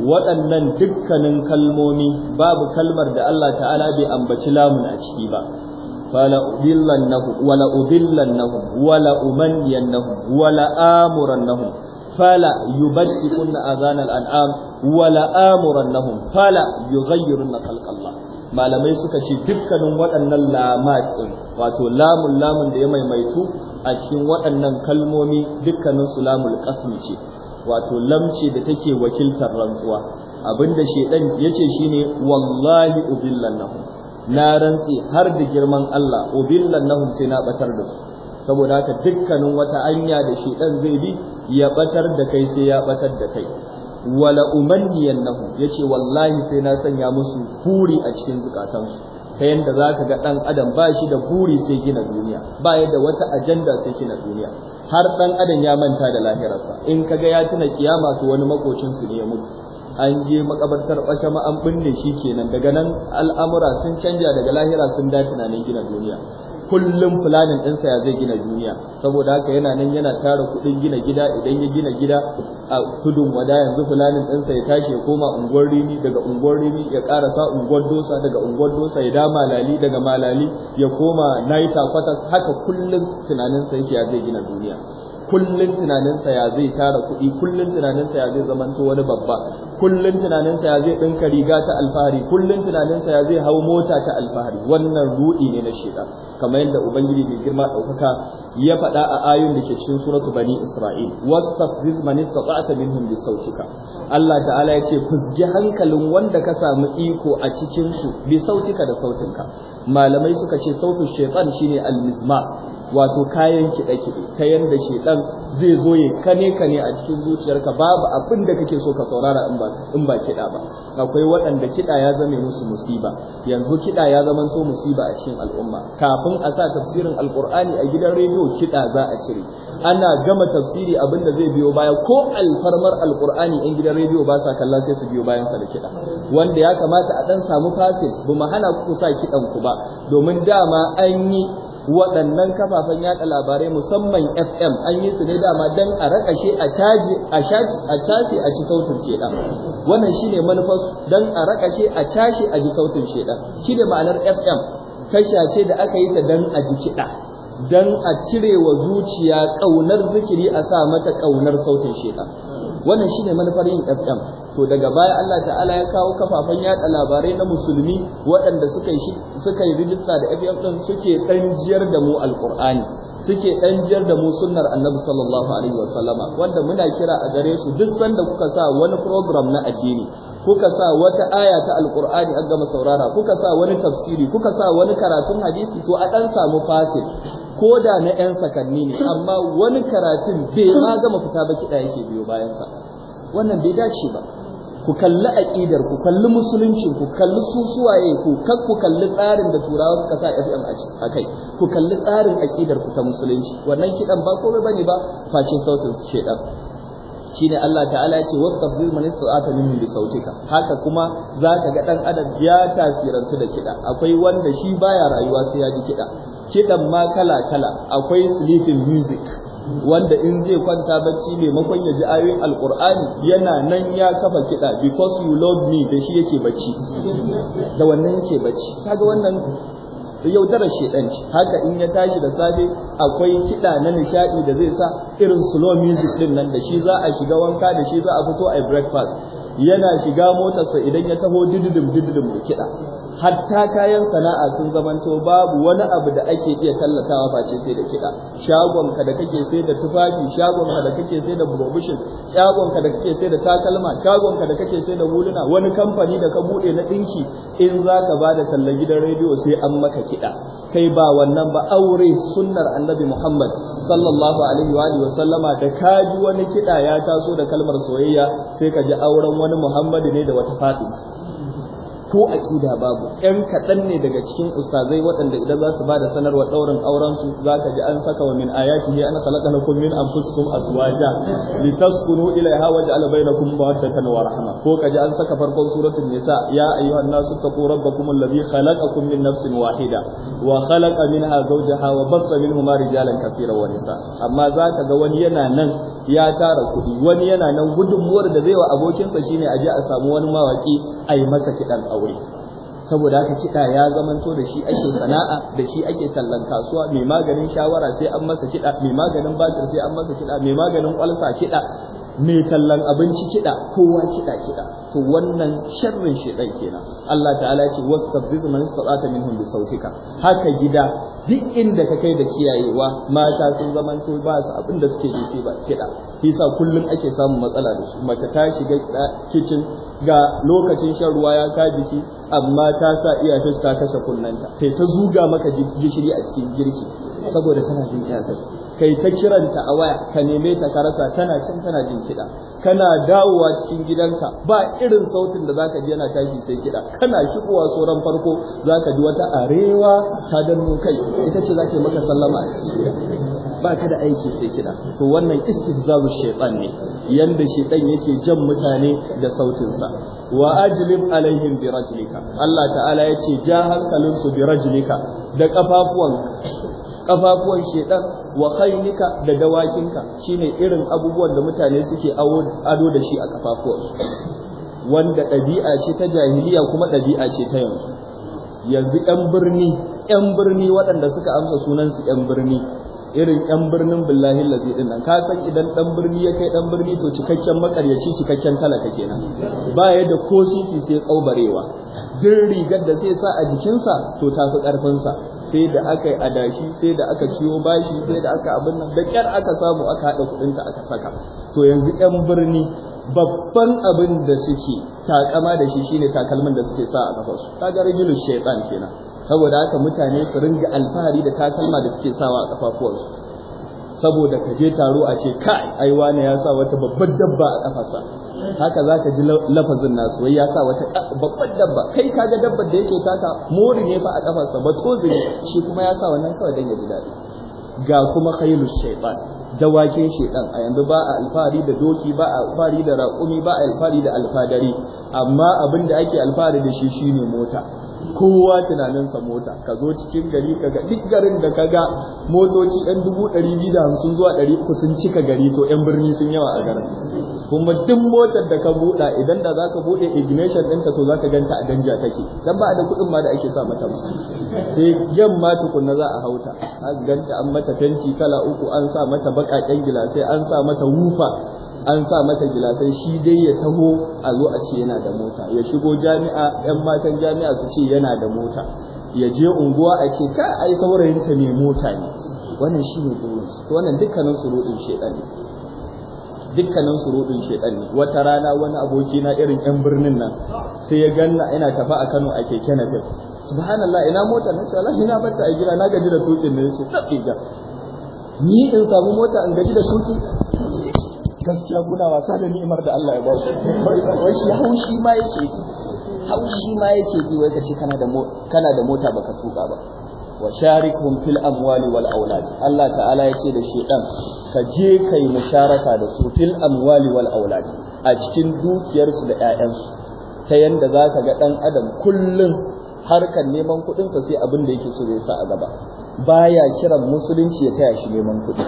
waɗannan dukkanin kalmomi babu kalmar da Allah ta'ala bai ambaci lamun a ciki ba fala udillannahum wala udillannahum wala umanniyannahum wala amurannahum fala yubtikunna azan al'am wala fala malamai suka ce dukkanin waɗannan lamatsin wato lamun lamun da ya maimaitu a cikin waɗannan kalmomi dukkanin su lamul ce wato lamce da take wakiltar rantsuwa abinda shedan yace shine wallahi nahu. na rantsi har da girman Allah ubillannahum sai na batar da su saboda haka dukkanin wata anya da shi dan zai bi ya batar da kai sai ya batar da kai wala umanniyannahu yace wallahi sai na sanya musu buri a cikin su ta yanda zaka ga dan adam ba shi da buri sai gina duniya ba da wata ajanda sai gina duniya har dan adam ya manta da lahirarsa in kaga ya tuna kiyama to wani makocin su ne ya mutu an je makabartar bashama an binne shi kenan daga nan al'amura sun canja daga lahira sun da tunanin gina duniya kullum fulanin ɗinsa ya zai gina duniya saboda haka yana nan yana tara kuɗin gina gida idan ya gina gida a tudun wada yanzu fulanin ɗinsa ya tashi ya koma unguwar rimi daga unguwar rimi ya ƙarasa unguwar dosa daga unguwar dosa ya da malali daga malali ya koma naita kwatas haka kullum tunaninsa yake ya zai gina duniya kullun tunaninsa ya zai tara kuɗi kullun tunaninsa ya zai zamanto wani babba kullun tunaninsa ya zai ɗinka riga ta alfahari kullun tunaninsa ya zai hau mota ta alfahari wannan ruɗi ne na shida kamar yadda ubangiji mai girma ɗaukaka ya faɗa a ayun da ke cikin suratu bani isra'il wastafziz man istata'ta minhum bi sautuka. Allah ta'ala ya ce kuzgi hankalin wanda ka samu iko a cikin su bi sautika da sautinka malamai suka ce sautin shaytan shine al mizma wato kayan kiɗe-kiɗe ta yadda shi ɗan zai zo ya kane kane a cikin zuciyarka babu abin da kake so ka saurara in ba kiɗa ba akwai waɗanda kiɗa ya zame musu musiba yanzu kiɗa ya zama so musiba a cikin al'umma kafin a sa tafsirin al'ƙur'ani a gidan rediyo kiɗa za a cire ana gama tafsiri abin da zai biyo baya ko alfarmar al'ƙur'ani in gidan rediyo ba sa kallon sai su biyo bayan sa da kiɗa wanda ya kamata a ɗan samu fasin bu hana ku sa kiɗan ku ba domin dama an yi waɗannan kafafen yaɗa labarai musamman FM an yi su ne dama don a rakashe a caji a shaci a tafi a ci sautin sheɗa wannan shi ne manufar don a rakashe a cashi a ji sautin shi ne ma'anar FM tasha ce da aka yi ta don a ji kiɗa don a cire wa zuciya ƙaunar zikiri a sa mata ƙaunar sautin sheɗa. wannan shine manufar yin FM to daga baya Allah ta'ala ya kawo kafafen yada labarai na musulmi waɗanda suka yi suka yi rijista da FM din suke dan jiyar da mu alqur'ani suke dan jiyar da mu sunnar annabi sallallahu alaihi Sallama. wanda muna kira a gare su duk sanda kuka sa wani program na addini kuka sa wata aya ta alqur'ani an gama saurara kuka sa wani tafsiri kuka sa wani karatun hadisi to a dan samu fasil ko da na 'yan sakanni ne amma wani karatun bai ma gama fita ba kiɗa yake biyo bayansa wannan bai dace ba ku kalli aƙidar ku kalli musuluncin ku kalli susuwaye ku kan ku kalli tsarin da turawa suka sa FM a kai ku kalli tsarin aƙidar ku ta musulunci wannan kiɗan ba komai bane ba face sautin shedan shine Allah ta'ala mani wastafzir man istata minhum bi sautika haka kuma zaka ga dan adam ya tasirantu da kiɗa. akwai wanda shi baya rayuwa sai ya ji kiɗa kidan ma kala kala akwai sleeping music wanda in zai kwanta bacci maimakon ya ji ayoyin alkur'ani yana nan ya kafa kiɗa because you love me da shi yake bacci da wannan yake bacci kaga wannan yaudarar shedanci haka in ya tashi da safe akwai kiɗa na nishaɗi da zai sa irin slow music din nan da shi za a shiga wanka da shi za a fito a breakfast yana shiga motarsa idan ya taho dididim dididim da kiɗa hatta kayan sana'a sun zamanto babu wani abu da ake iya tallatawa face sai da kiɗa shagonka da kake sai da tufafi shagonka da kake sai da shagon shagonka da kake sai da takalma shagonka da kake sai da huluna wani kamfani da ka buɗe na ɗinki in za ka ba da talla gidan rediyo sai an maka kiɗa kai ba wannan ba aure sunnar annabi muhammad sallallahu alaihi wa wa sallama da ka ji wani kiɗa ya taso da kalmar soyayya sai ka ji auren wani muhammadu ne da wata fatima ko aqida babu ƴan kaɗan ne daga cikin ustazai waɗanda idan za su ba da sanarwa ɗaurin auren su za ka ji an saka wa min ayatihi an na kun min anfusikum azwaja litaskunu ilaiha wa ja'ala bainakum mawaddatan wa rahma ko ka ji an saka farkon suratul nisa ya ayyuhan nasu taqu rabbakum alladhi khalaqakum min nafsin wahida wa khalaqa minha zawjaha wa bassa minhuma rijalan kaseeran wa nisa amma za ka ga wani yana nan ya tara kuɗi wani yana nan gudunmuwar da zai wa abokinsa shine a je a samu wani mawaki a yi masa kiɗan aure saboda haka kiɗa ya zamanto da shi ake sana'a da shi ake tallan kasuwa mai maganin shawara sai an masa kiɗa mai maganin batir sai an masa kiɗa mai maganin kwalsa kiɗa mai kallon abinci kiɗa kowa kiɗa kiɗa to wannan sharrin shi dai kenan Allah ta'ala ya ce wastabdiz man istata minhum bi sautika haka gida duk inda ka kai da kiyayewa mata sun to ba su abin da suke ji ba kiɗa yasa kullum ake samun matsala da su mace ta shiga kicin ga lokacin shan ruwa ya ka jiki amma ta sa iyakar ta kashe kunnanta kai ta zuga maka gishiri a cikin girki saboda tana jin iyakar kai ta kiranta a waya ka neme ta ka rasa tana can tana jin kiɗa kana dawowa cikin gidanka ba irin sautin da zaka ji yana tashi sai kiɗa kana shigowa sauran farko zaka ji wata arewa ta danno kai ita ce zaka yi maka sallama a cikin gida ba ka da aiki sai kiɗa to wannan istihzazu shaytan ne yanda shaytan yake jan mutane da sautinsa wa ajlib alaihim bi rajlika Allah ta'ala yace ja hankalinsu bi rajlika da kafafuwanka kafafuwan shedan wa khaynika da dawakinka shine irin abubuwan da mutane suke ado da shi a kafafuwan wanda ɗabi'a ce ta jahiliya kuma ɗabi'a ce ta yanzu yanzu 'yan birni birni waɗanda suka amsa sunansu 'yan birni irin 'yan birnin billahi lazi din nan ka san idan ɗan birni ya kai ɗan birni to cikakken makaryaci cikakken talaka kenan ba ya da ko sisi sai tsaubarewa duk rigar da zai sa a jikinsa to tafi ƙarfinsa sai da aka yi adashi sai da aka ciwo bashi sai da aka abin nan da kyar aka samu aka haɗa kuɗinta aka saka to yanzu 'yan birni babban abin da suke takama da shi shine takalmin da suke sa a kafarsu kaga rajulul shaitan kenan saboda haka mutane su ringa alfahari da takalma da suke sawa a kafafuwarsu saboda ka je taro a ce kai ai ne ya sa wata babbar dabba a kafarsa haka za ka ji lafazin nasu wai ya sa wata babbar dabba kai ka ga dabbar da yake taka mori ne fa a kafarsa ba tozi ne shi kuma ya sa wannan kawai dan ya ji daɗi ga kuma khailu shaytan dawakin shaytan a yanzu ba a alfahari da doki ba a alfahari da raƙumi ba a alfahari da alfadari amma abin da ake alfahari da shi shine mota kowa tunaninsa mota ka zo cikin gari ga duk garin da ka ga motoci ɗan dubu ɗari biyu da hamsin zuwa ɗari uku sun cika gari to ɗan birni sun yawa a garin kuma duk motar da ka buɗa idan da zaka buɗe ignition ɗinta to zaka ganta a danja take dan ba da kuɗin ma da ake sa mata ba sai yamma tukunna za a hauta a ganta an mata fenti kala uku an sa mata baƙaƙen gilasai an sa mata wufa an sa mata gilasai shi dai ya taho a zo a ce yana da mota ya shigo jami'a yan matan jami'a su ce yana da mota ya je unguwa a ce ka ai saurayinta ne mota ne wannan shi ne su, wannan dukkanin surudin shedani dukkanin surudin shedan ne wata rana wani aboki na irin yan birnin nan sai ya ganna ina tafa a Kano a keke fil subhanallah ina mota na ce wallahi na batta a gida na gaji da tukin ne yace tabbi ja ni in samu mota in gaji da tukin? gaskiya kuna wasa da ni'imar da Allah ya ba ku wai shi haushi ma yake ji haushi ma yake ji wai kace kana da kana da mota baka tuka ba wa sharikum fil amwali wal aulad Allah ta'ala ya ce da shedan ka je kai musharaka da su fil amwali wal aulad a cikin dukiyarsu da ƴaƴansu ta yanda ka ga ɗan adam kullun harkar neman kuɗinsa sai abin da yake so zai sa a gaba baya kiran musulunci ya taya shi neman kuɗi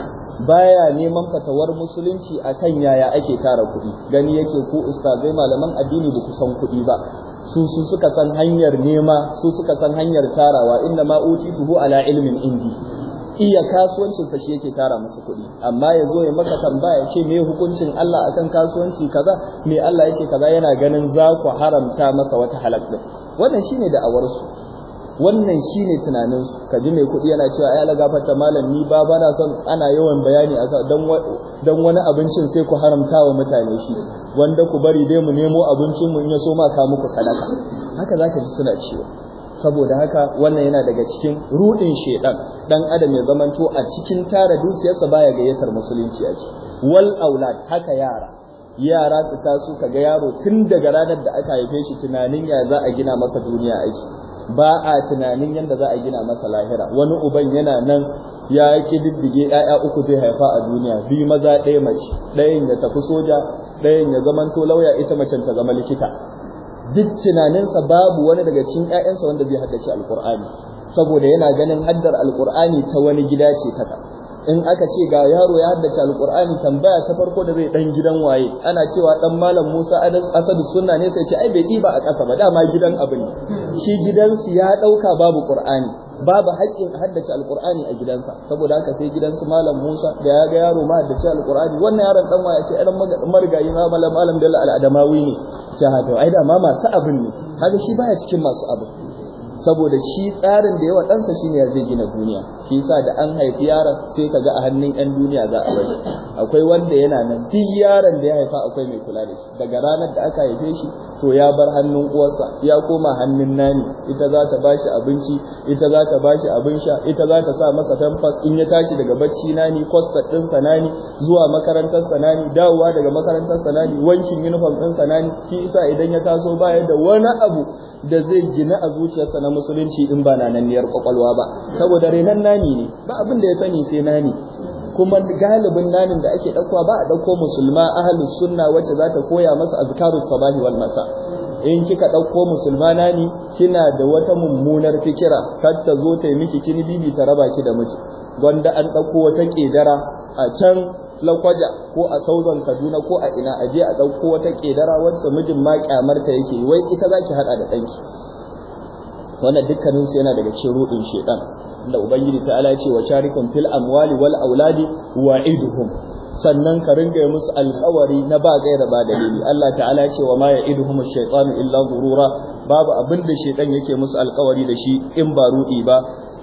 baya neman fatawar musulunci akan yaya ake tara kuɗi gani yake ko ustazai malaman addini ba ku san kuɗi ba su su suka san hanyar nema su suka san hanyar tarawa inda ma tuhu ala ilmin indi iya kasuwancinsa shi yake tara musu kuɗi amma ya zo ya maka tambaya ce me hukuncin Allah akan kasuwanci kaza me Allah yace kaza yana ganin za ku haramta masa wata halak din wannan shine da awarsu wannan shine tunaninsu. su kaji mai kuɗi yana cewa ai alagafarta malam ni ba bana son ana yawan bayani a dan dan wani abincin sai ku haramta wa mutane shi wanda ku bari dai mu nemo abincin mu in ya so ma ka muku sadaka haka zaka ji suna cewa saboda haka wannan yana daga cikin rudin shedan dan adam ya zamanto a cikin tara dukiyarsa baya gayyatar musulunci a wal aulad haka yara yara su taso kaga yaro tun daga ranar da aka haife shi tunanin ya za a gina masa duniya aiki ba a tunanin yadda za a gina masa lahira wani uban yana nan ya kididdige 'ya'ya uku zai haifa a duniya biyu maza ɗaya mace ɗayan ya tafi soja ɗayan ya zamanto lauya ita macen ta zama likita duk tunaninsa babu wani daga cikin 'ya'yansa wanda zai haddace alkur'ani saboda yana ganin haddar alƙur'ani ta wani gida ce ta in aka ce ga yaro ya haddace alkur'ani tambaya ta farko da zai ɗan gidan waye ana cewa ɗan malam Musa Asadu sunna ne sai ce ai bai ɗiba a ƙasa ba dama gidan abin ne shi gidansu ya ɗauka babu ƙur'ani babu haƙƙin haddace alƙur'ani a gidansa saboda haka sai gidansu malam musa da ya ga yaro ma haddace alƙur'ani wannan yaron dan waya ce ɗan marigayi ma malam malam dalla al'adamawi ne ce haka ai da ma masu abin ne haka shi baya cikin masu abin saboda shi tsarin da yawa ɗansa shine ya zai gina duniya shi yasa da an haifi yaron sai ka ga a hannun yan duniya za a bari akwai wanda yana nan duk yaron da ya haifa akwai mai kula da shi daga ranar da aka haife shi to ya bar hannun uwarsa ya koma hannun nani ita za ta ba shi abinci ita za ta ba shi abin sha ita za ta sa masa pampers. in ya tashi daga bacci nani kwastar ɗinsa nani zuwa makarantar sa nani dawowa daga makarantar sa nani wankin uniform ɗinsa nani shi isa idan ya taso baya da wani abu da zai gina a zuciyarsa na musulunci in ba na nananniyar kwakwalwa ba saboda renan nani nani ne ba abin da ya sani sai nani kuma galibin nanin da ake ɗaukowa ba a ɗauko musulma ahalus sunna wacce za ta koya masa azkarus sabahi wal masa in kika ɗauko musulma nani kina da wata mummunar fikira kar ta zo ta yi miki kini bibi ta raba ki da miji gwanda an ɗauko wata ƙedara a can lakwaja ko a sauzon kaduna ko a ina aje a ɗauko wata ƙedara wacce mijin ma ƙyamarta yake wai ita za ki haɗa da ɗanki wannan dukkaninsu yana daga cikin ruɗin shedan da ubangiji ta ala ce wa sharikum fil amwali wal auladi wa'iduhum sannan ka ringa musu alkawari na ba gaira ba dalili Allah ta'ala ce wa ma ya'iduhum ash-shaytanu illa ghurura babu abin da shaytan yake musu alkawari da shi in ba ruɗi ba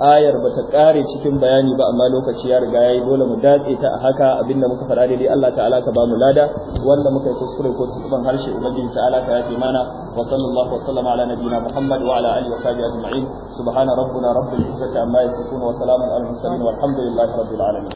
ayar bata kare cikin bayani ba amma lokaci ya riga yayi dole mu datse ta a haka abinda muka faɗa dai Allah ta'ala ka bamu lada wanda muka yi kuskure ko tuban harshe ubangiji ta'ala ka yafe mana wa sallallahu wa sallama ala nabiyina Muhammad wa ala alihi wa sahbihi ajma'in subhana rabbuna rabbil izzati amma yasifun wa salamun alal mursalin walhamdulillahi rabbil alamin